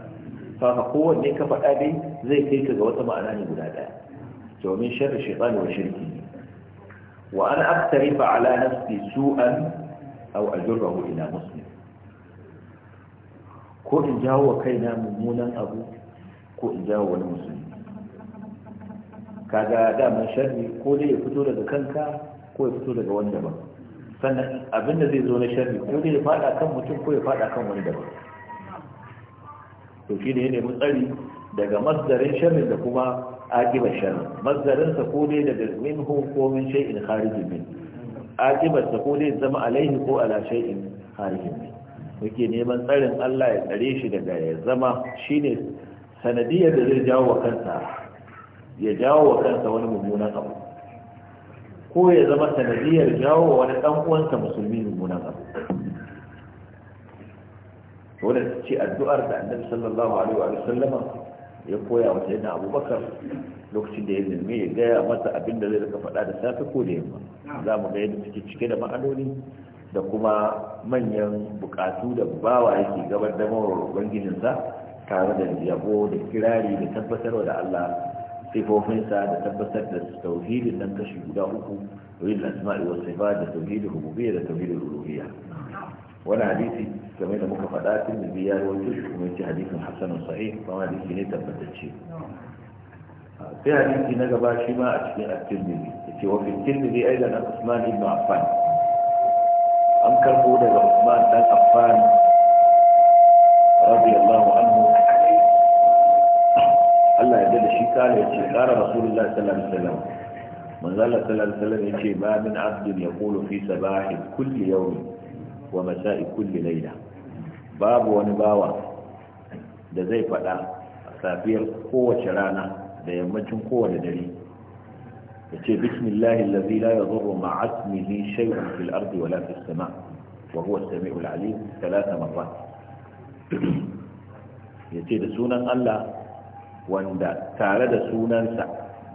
ka, kowanne ka faɗa dai zai kai ka ga wata ma'ana ne guda ɗaya domin sharri shaitan wa shirki ne wa an fa ala nafsi su'an aw ajrahu ila muslim ko in jawo wa kaina mummunan abu ko in jawo wani musulmi kaga daman sharri ko dai ya fito daga kanka ko ya fito daga wani daban sannan abinda zai zo na sharri ko dai ya fada kan mutum ko ya fada kan wani daban to shi ne ne tsari daga masdarin sharri da kuma akibar sharri masdarin sa ko dai daga hu ko min shay'in kharijin min akibar sa ko dai zama alaihi ko ala shay'in kharijin min muke neman tsarin Allah ya tsare shi daga ya zama shine sanadiyar da zai jawo wa kansa ya jawo wa kansa wani mummunan abu ko ya zama sanadiyar jawo wa wani dan uwansa musulmi mummunan abu wanda ce addu'ar da annabi sallallahu alaihi wa sallama ya koya wa sayyidina abubakar lokacin da ya nemi ya gaya masa abin da zai rika faɗa da safe ko da yamma za mu ga yadda suke cike da ma'anoni da kuma manyan bukatu da bawa yake gabar da mawar ubangijinsa tare da yabo da kirari da tabbatarwa da allah صفوفنسا دا تبتت للتوهيد لن تشبه قدا أكو وإلا أسماء والصفات دا توهيد حبوبية دا توهيد وانا حديثي كمينة مكفدات من بيار ويتش ومن حديث حسن صحيح فما دي كيني تبتت شيء في حديثي نقبا شما أشكين التلمذي في وفي التلمذي أيضا عثمان بن عفان أنكر بودة عثمان بن عفان رضي الله عنه Allah ya da shi kala yace qala rasulullahi sallallahu alaihi wasallam manzo Allah sallallahu alaihi wasallam yace ba min abdin yaqulu fi sabahi kulli yawm wa masa'i kulli layla babu wani bawa da zai fada a safiyar kowace rana da yammacin kowace dare yace bismillahi allazi la yadurru ma'a ismihi shay'un fil ardi wala fis sama' wa huwa as-sami'ul 'alim thalath marrat yace da sunan Allah wanda tare da sunansa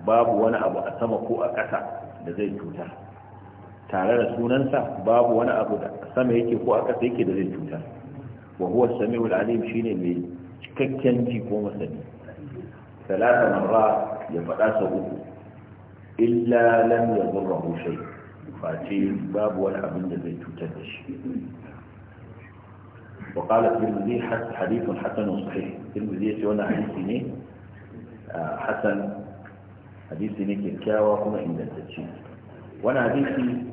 babu wani abu a sama ko a ƙasa da zai cutar tare da sunansa babu wani abu da sama yake ko a ƙasa yake da zai cutar wa huwa sami'ul alim shine mai cikakken ji ko masani talata marra ya faɗa sa uku illa lam yadurruhu shay face babu wani abin da zai cutar da shi وقال الترمذي حديث حسن صحيح الترمذي يقول حديث ne Hassan hadisi ne kyakkyawa kuma ingantacce wani hadisi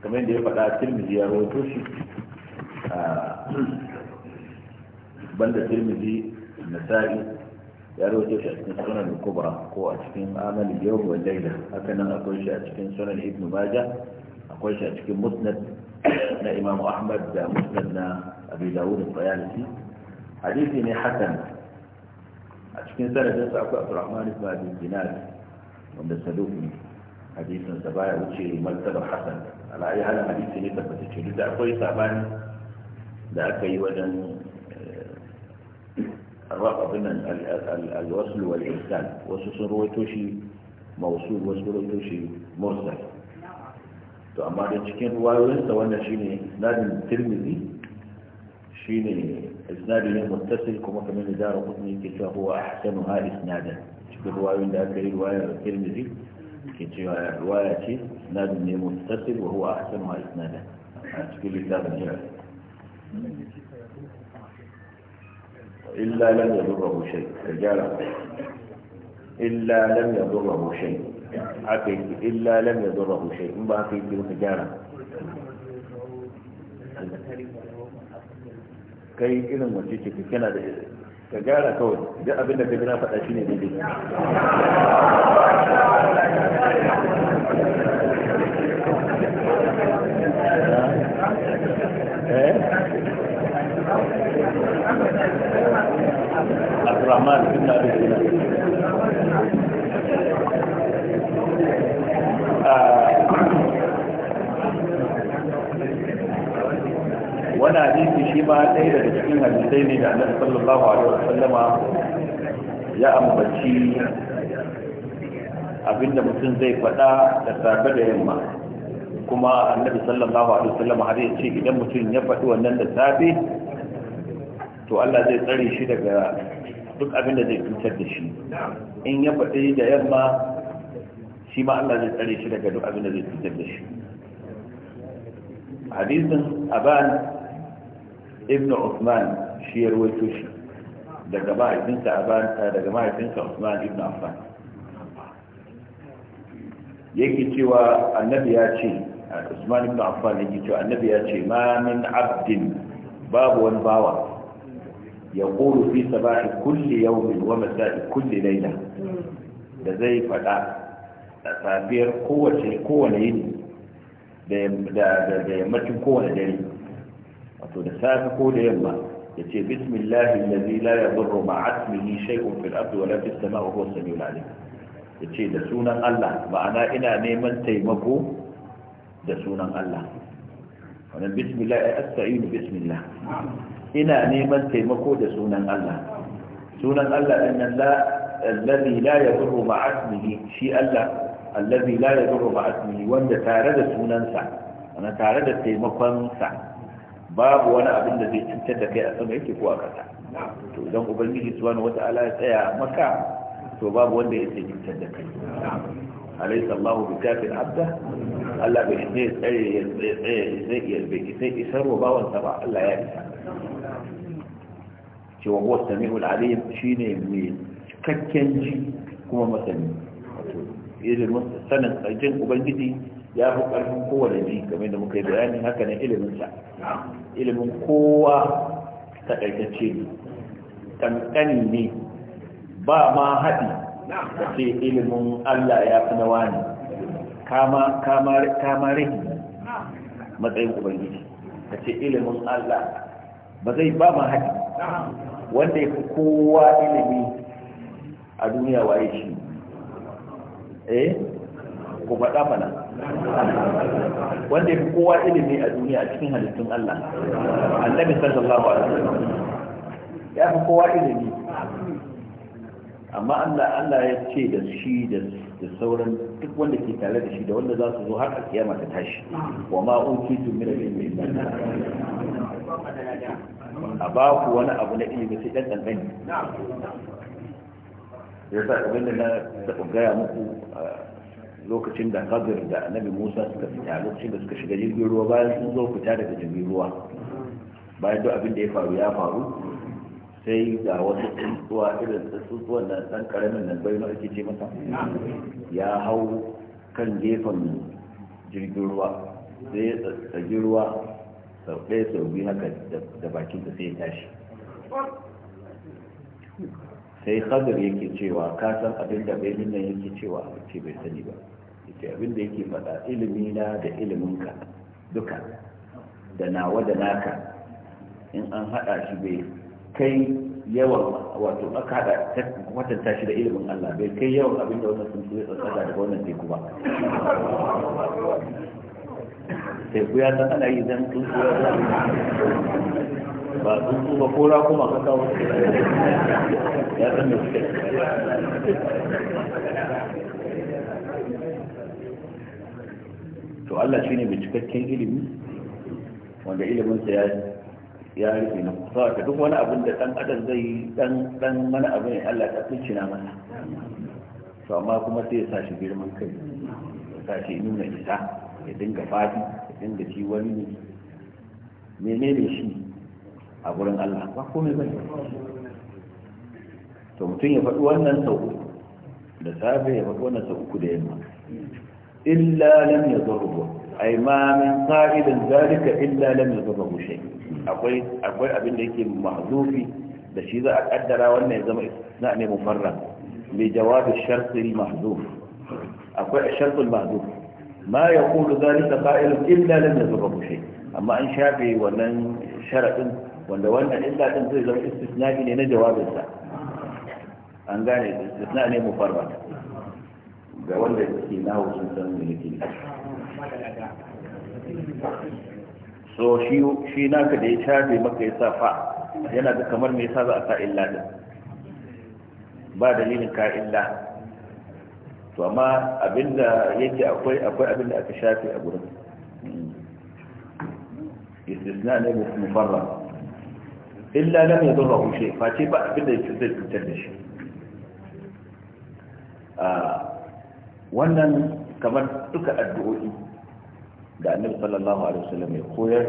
kamar da ya faɗa tirmidhi ya rawaito shi banda tirmidhi nasa'i ya rawaito shi a cikin sunan al-kubra ko a cikin amal yawm wal layla haka nan akwai shi a cikin sunan ibn majah akwai shi a cikin musnad na imam ahmad da musnad na abi dawud al-qayalisi hadisi ne Hassan. a cikin sanadinsa akwai abdurrahman ibn abi dinar wanda saduk ne hadisin sa baya wuce martabar hasan ala ayi halin hadisi ne tabbatacce duk da akwai sabani da aka yi wajen eh, abin nan alwasul wal ihsan wasu sun rawaito shi mausul wasu rawaito shi mursal to amma da cikin ruwayoyinsa wannan shine nadin tirmidhi شيني إسناده متصل كما كمان دار قطني كيف هو أحسنها إسنادا شكل رواية لأك رواية الترمذي كيف رواية إسناد متصل وهو أحسنها إسنادا شكل كتاب الجهل إلا لم يضره شيء رجال إلا لم يضره شيء عكيك إلا لم يضره شيء ما في رجال kai irin wace ce ka kana da ka gyara kawai duk abin da ka gina faɗa shi ne daidai eh? Abdurrahman ina Abi Zinad shi ma ɗaya daga cikin hadisai ne da annabi sallallahu alaihi wasallama ya ambaci abinda mutum zai faɗa da safe da yamma kuma annabi sallallahu alaihi wasallam har ya ce idan mutum ya faɗi wannan da safe to Allah zai tsare shi daga duk abin da zai cutar da shi in ya faɗi da yamma shi ma Allah zai tsare shi daga duk abin da zai cutar da shi hadisin aban ibnu Uthman shi ya ruwaito shi daga mahaifinsa a eh, daga mahaifinsa Uthman ibn Affan yake cewa annabi ya ce Uthman ibn Affan yake cewa annabi ya ce ma min abdin babu wani bawa ya يقول kulle صباح كل wa ومساء kulle ليلة da zai faɗa a safiyar kowace kowane yini da yammacin kowane dare wato da safe ko da yamma ya ce bismillahi allazi la yadurru ma'a ismihi shay'un fil ardi wala fis sama'i wa huwa as-sami'ul 'alim ya ce da sunan Allah ma'ana ina neman taimako da sunan Allah wannan bismillah ya asta'inu bismillah ina neman taimako da sunan Allah sunan Allah din nan la allazi la yadurru ma'a ismihi shi Allah allazi la yadurru ma ismihi wanda tare da sunansa ana tare da taimakon sa babu wani abin da zai cutar da kai a sama yake kuwa kasa to idan ubangiji wata ala ya tsaya maka to babu wanda ya ce cutar da kai sallahu bi kafin abda Allah bai ne tsaye ya tsare zai iya bai sai isar wa bawan sa ba Allah ya isa cewa wasu huwa samiul alim shine mai cikakken ji kuma masani irin sanin tsarjin ubangiji ya fi ƙarfin kowane ji game da muka yi bayanin haka na iliminsa ilimin kowa taƙaitacce ne ƙanƙani ne ba ma haɗi da ce ilimin Allah ya fi nawa ne kama matsayin ubangiji ka ce ilimin Allah ba zai ba ma haɗi wanda ya fi kowa ilimi a duniya waye shi eh ku faɗa mana wanda ya fi kowa ilimi a duniya a cikin halittun Allah annabi sallallahu alaihi wasallam ya fi kowa ilimi amma Allah Allah ya ce da shi da sauran duk wanda ke tare da shi da wanda za su zo har a kiyama ta tashi wa ma tu min al-ilmi a ba ku wani abu na ilimi sai dan dan dan ya sa abin da na gaya muku lokacin da Khadir da Annabi Musa suka fita lokacin da suka shiga jirgin ruwa bayan sun zo fita daga jirgin ruwa bayan duk abin da ya faru ya faru sai da wasu tsuntsuwa irin tsuntsuwan na ɗan karamin nan bai ake ce masa ya hau kan gefen jirgin ruwa sai ya ruwa sau ɗaya sau biyu haka da bakin sai ya tashi sai khadir yake cewa kasan san abin da bai nan yake cewa ce bai sani ba ce abin da yake faɗa ilimi na da iliminka duka da nawa da naka in an haɗa shi bai kai yawan wato aka haɗa watanta shi da ilimin Allah bai kai yawan abin da wannan sun ya tsada daga wannan teku ba teku ya san ana yi zan tsuntsu ya san ba tsuntsu ba kora kuma ka kawo ya san da suke to Allah shine mai cikakken ilimi wanda iliminsa ya ya rufe na kusa da duk wani abin da dan adam zai yi dan dan mana abin ya Allah ta na masa to amma kuma sai ya sa shi girman kai ya sa shi nuna isa ya dinga fadi ya dinga ci wani ne menene shi a gurin Allah ba komai bane to mutum ya faɗi wannan sau da safe ya faɗi wannan sau uku da yamma إلا لم يضره أي ما من قائل ذلك إلا لم يضره شيء أقول أبن ليك محذوفي لشيء إذا ذا أقدر وأن إذا نعني مفرق لجواب الشرط المحذوف أقول الشرط المحذوف ما يقول ذلك قائل إلا لم يضره شيء أما أن شافي ولن شرط وأن wannan إلا تنزل zai zama istisna'i ne أن قال an gane ga wanda suke nawo sun san me yake so shi shi naka da ya caje maka ya fa yana da kamar me yasa za a sa illa din ba dalilin ka illa to amma abinda yake akwai akwai abinda aka shafe a gurin istisna ne mu mufarra illa lam yadurra shay fa ce ba abinda yake zai cutar da shi ah, wannan kamar duka addu'o'i da annabi sallallahu alaihi wasallam ya koyar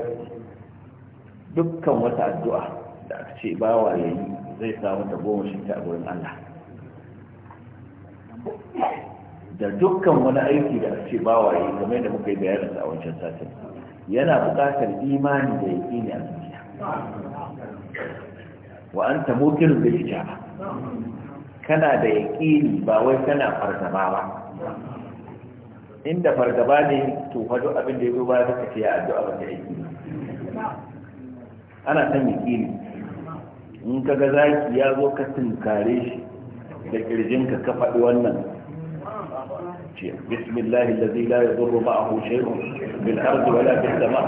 dukkan wata addu'a da aka ce bawa yayi zai samu ta goma shi ta gurin Allah da dukkan wani aiki da aka ce bawa yayi kamar yadda muka yi bayanin a wancan satin yana buƙatar imani da yaqini a zuciya wa anta mukir bil ijaba kana da yaqini ba wai kana fargaba ba inda fargaba ne to faɗo abin da ya zo baya suka ce ya addu'a ba ta yi ana son yaƙini in ka ga zaki ya zo ka tunkare shi da ƙirjinka ka faɗi wannan ce bismillahi lazi la ya zurru ba a hushe bil arzi wala bil sama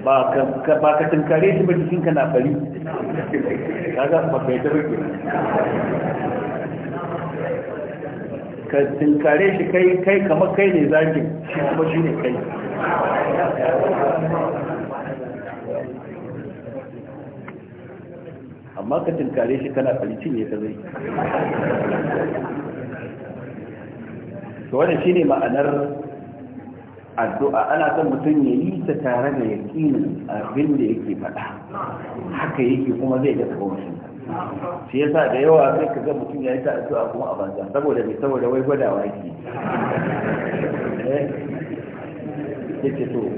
ba ka tunkare shi ba jikinka na bari kaga ba kai ta rike ka tinkare shi kai kai kamar kai ne zaki shi kuma shi ne kai amma ka tinkare shi kana kalici ne ka zai to wannan shine ma'anar addu'a ana son mutum ya yi ta tare da yaƙinin abin da yake faɗa haka yake kuma zai ga tsawon shi shi yasa da yawa sai ka ga mutum ya yi ta addu'a kuma a banza saboda mai saboda wai gwadawa yake eh. ya ce to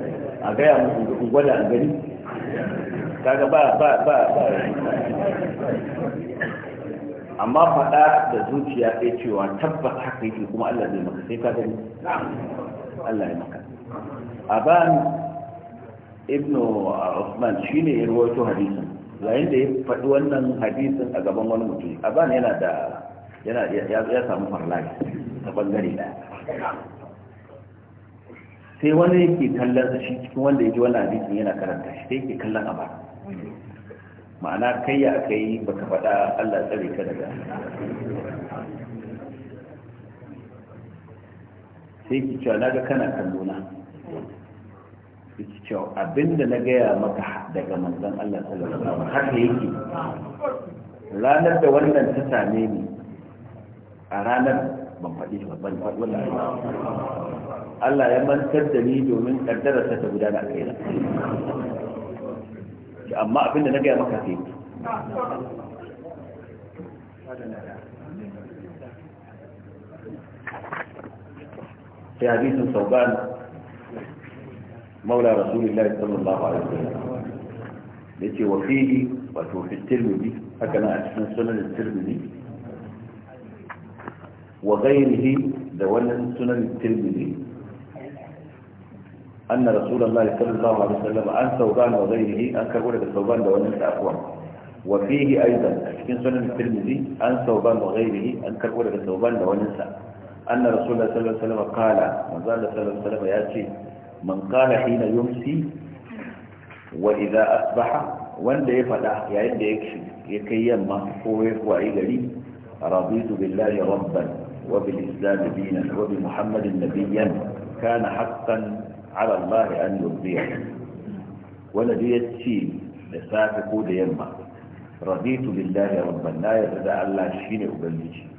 a gaya musu in gwada a gani kaga ba ba ba ba amma faɗa da zuciya sai cewa tabbata haka yake kuma Allah zai maka sai ka gani Allah ya maka aban ibnu usman shine ya rawaito hadisin yayin da ya faɗi wannan hadisin a gaban wani mutum aban yana da yana ya samu farlaki ta bangare da sai wani yake kallon shi cikin wanda ya ji wannan hadisin yana karanta shi sai yake kallon aban ma'ana kai ya kai baka faɗa Allah tsare ka daga sai ki cewa na ga kana kallona yake cewa abinda na gaya maka daga manzon Allah sallallahu alaihi wasallam haka yake ranar da wannan ta same ni a ranar ban faɗi ba ban faɗi wannan Allah ya mantar da ni domin kaddara ta ta gudana a kaina amma abinda na gaya maka sai في حديث ثوبان maula rasulun lai sallallahu alaihi wa wato fi tirmidhi haka nan a cikin sunanin tirmidhi wa ghairihi da wannan sunanin tirmidhi anna rasulun lai sallallahu alaihi wa sallam an saurana wa an karbo daga sauran da wannan sakuwa wa fihi aidan a cikin sunanin tirmidhi an sauban wa ghairihi an karbo daga sauban da wannan sa anna rasulullahi sallallahu alaihi wa sallam qala manzo ya ce man kala hina yumsi wa idza asbaha wanda ya fada yayin da ya kai yamma ko ya wayi gari raditu billahi rabban wa bil islam dinan wa bi muhammadin nabiyyan kana haqqan ala allah an yurdiya wanda duk ya ce da safe ko da yamma raditu billahi rabban la yarda allah shine ubangiji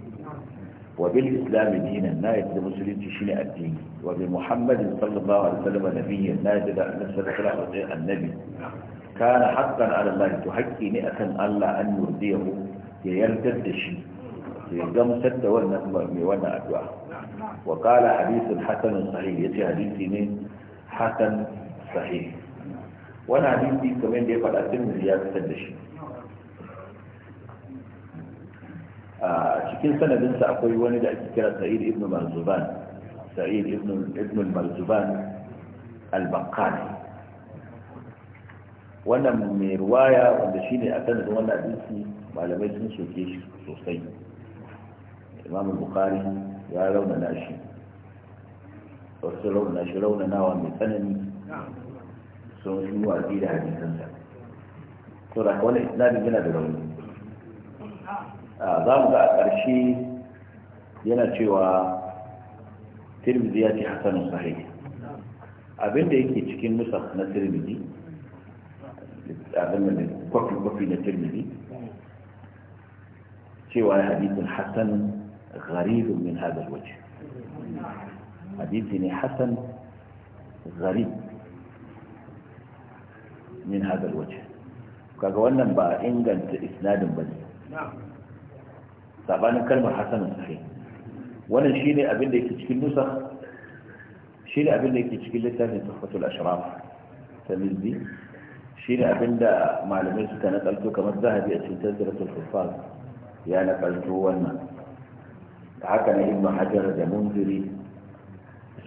wa bil islam dinan na yadda musulunci shine addini wa bi muhammadin sallallahu alaihi wasallam nabiyyan na yadda annabi sallallahu alaihi wasallam annabi kana haqqan ala allah to haqqi ne akan allah an yurdiyahu ya yarda da shi ya gamsar da wannan mai wannan addu'a wa qala hadithun hasanun sahih yace hadisi ne hasan sahih wannan hadisi kamar da ya faɗa tun ya fitar da shi a cikin sanadinsa akwai wani da ake kira sa'id ibn marzuban sa'id ibn marzuban al baqani wannan mai ruwaya wanda shine a sanadin wannan hadisi malamai sun soke shi sosai imam bukhari ya rauna shi wasu rauna shi nawa mai tsanani sun yi watsi da hadisansa to da wani isnadin yana da rauni Ah, za mu ga a ƙarshe yana cewa tirmidhi ya ce hasanun sahih abinda yake cikin musa na tirmidhi abin da kwafi-kwafi na tirmidhi cewa hadithun hasan gharibun min hadal waje hadithi ne hasan gharib min hadal waje kaga wannan ba inganta isnadin ba ne sabanin kalmar hasanun sahih wannan shine abin da yake cikin nusa shine abin da yake cikin littafin tuhfatul ashraf ta mizzi shine abin da malamai suka nakalto kamar zahabi a cikin tazkiratul huffaz ya na nakalto wannan da haka na ibn hajar da munziri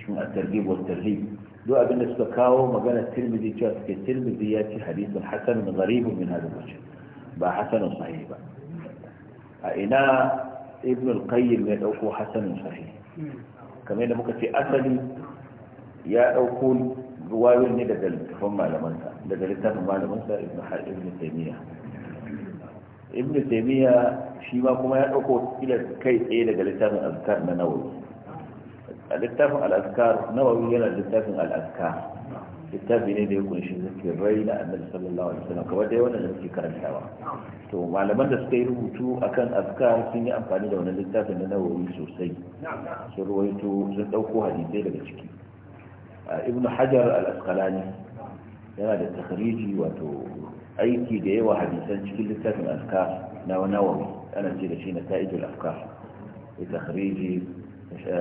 cikin at-targhib wa tarhib duk abin da suka kawo magana tirmidhi cewa suke tirmidhi ya ce hadithun hasanun gharibun min hadha ba hasanun sahih ba a ina ibn al-qayyim ya dauko hasanun sahih kamar da muka ce asali ya dauko ruwayoyin ne daga littafin malamansa daga littafin malamansa ibn ibn taymiya ibn taymiya shi ma kuma ya dauko kila kai tsaye daga littafin azkar na nawawi a littafin al-azkar nawawi yana littafin al-azkar littafi ne da ya kunshi zikirai da annabi sallallahu alaihi wasallam kamar dai wannan da muke karantawa to malaman da suka yi rubutu akan azkar sun yi amfani da wannan littafin na nawawi sosai sun ruwaito sun dauko hadisai daga ciki ibnu hajar al-asqalani yana da takhriji wato aiki da yawa hadisan cikin littafin azkar na nawawi ana ce da shi na ta'idul afkar da takhriji eh,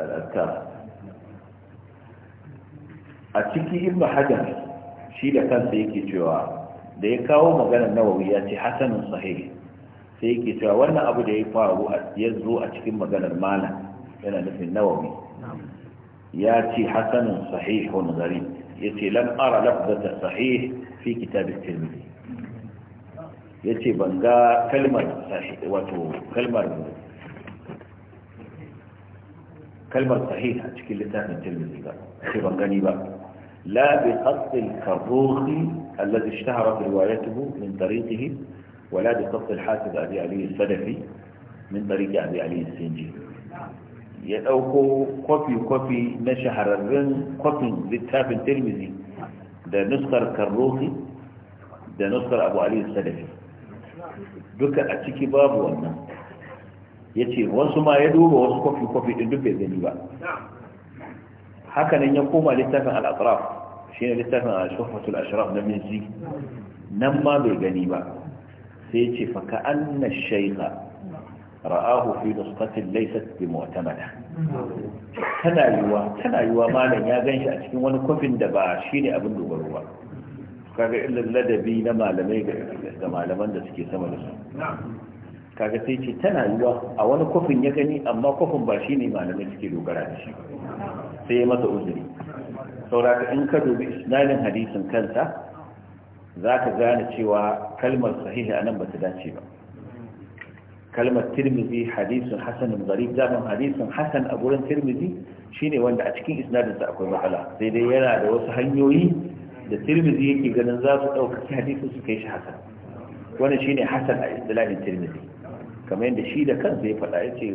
al-azkar a ciki ibnu hajar shi da kansa yake cewa da ya kawo maganar nawawi ya ce hasanun sahih sai yake cewa wannan abu da ya faru ya zo a cikin maganar malam yana nufin nawawi ya ce hasanun wani gari ya ce lam ara lafzata sahih fi kitab tirmidhi ya ce ban ga kalmar sahih wato kalmar kalmar sahih a cikin littafin tirmidhi ba sai ban gani ba لا بقصد الكروخ الذي اشتهرت روايته من طريقه ولا بقصد الحاسب أبي علي السلفي من طريق أبي علي السنجي يدوكو كوفي كوفي نشهر الرن كوفي للتاب الترمذي ده نسخر كروخي ده نسخر أبو علي السلفي دوكا a بابو أنا wannan ya ce wasu ma كوفي كوفي wasu kwafi-kwafi haka nan ya koma littafin al shi ne littafin al-shuhfatul ashraf na mizzi nan ma bai gani ba sai ce fa ka'anna ash-shaykha ra'ahu fi nusqatin laysat bi mu'tamada tana yiwa tana yiwa malam ya ganshi a cikin wani kofin da ba shine abin dogaro ba kaga illan ladabi na malamai ga malaman da suke sama da su kaga sai ce tana yiwa a wani kofin ya gani amma kofin ba shine malamai suke dogara da shi sai masa uzuri sauraka in ka dubi isnadin hadisin kansa za ka gane cewa kalmar sahihi a nan ba ta dace ba kalmar tirmizi hadisun hasanin Bari, zaman hadisun hasan a gurin tirmizi shine wanda a cikin sa akwai matsala sai dai yana da wasu hanyoyi da tirmizi yake ganin za su ɗaukaki hadisun su kai shi hasan wani shine hasan a istilahin tirmizi kamar yadda shi da kansa ya faɗa ya ce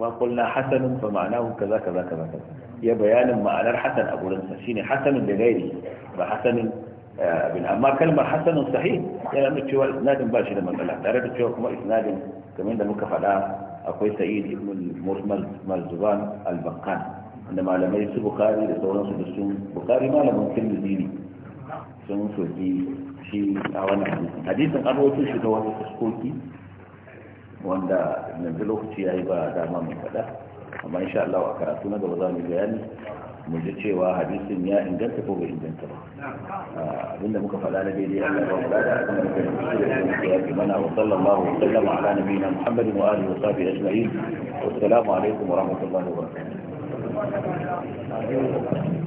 ma kulna hasanin fa ma'anahu kaza kaza kaza kaza ya bayanin ma'anar hasan a gurinsa shine hasanun da gairi ba hasanun abin eh, amma kalmar hasanun sahih yana nuna cewa isnadin ba shi da matsala tare da cewa kuma isnadin kamar da muka faɗa akwai sa'id ibn murmal malzuban al-bakkan wanda malamai su bukari da sauransu da sun bukari malamin tirmidhi ne sun soki shi a wannan hadisin an rawaito shi ta wasu fuskoki wanda yanzu lokaci ya yi ba dama mai faɗa amma insha Allah a karatu na gaba za mu bayani mu ji cewa hadisin ya inganta ko bai inganta ba abinda muka faɗa na daidai Allah ba mu da abin da muka yi ya fi mana wa sallallahu wa sallama ala nabiyina Muhammadin wa alihi wa sahbihi ajma'in wa assalamu alaikum wa rahmatullahi wa barakatuh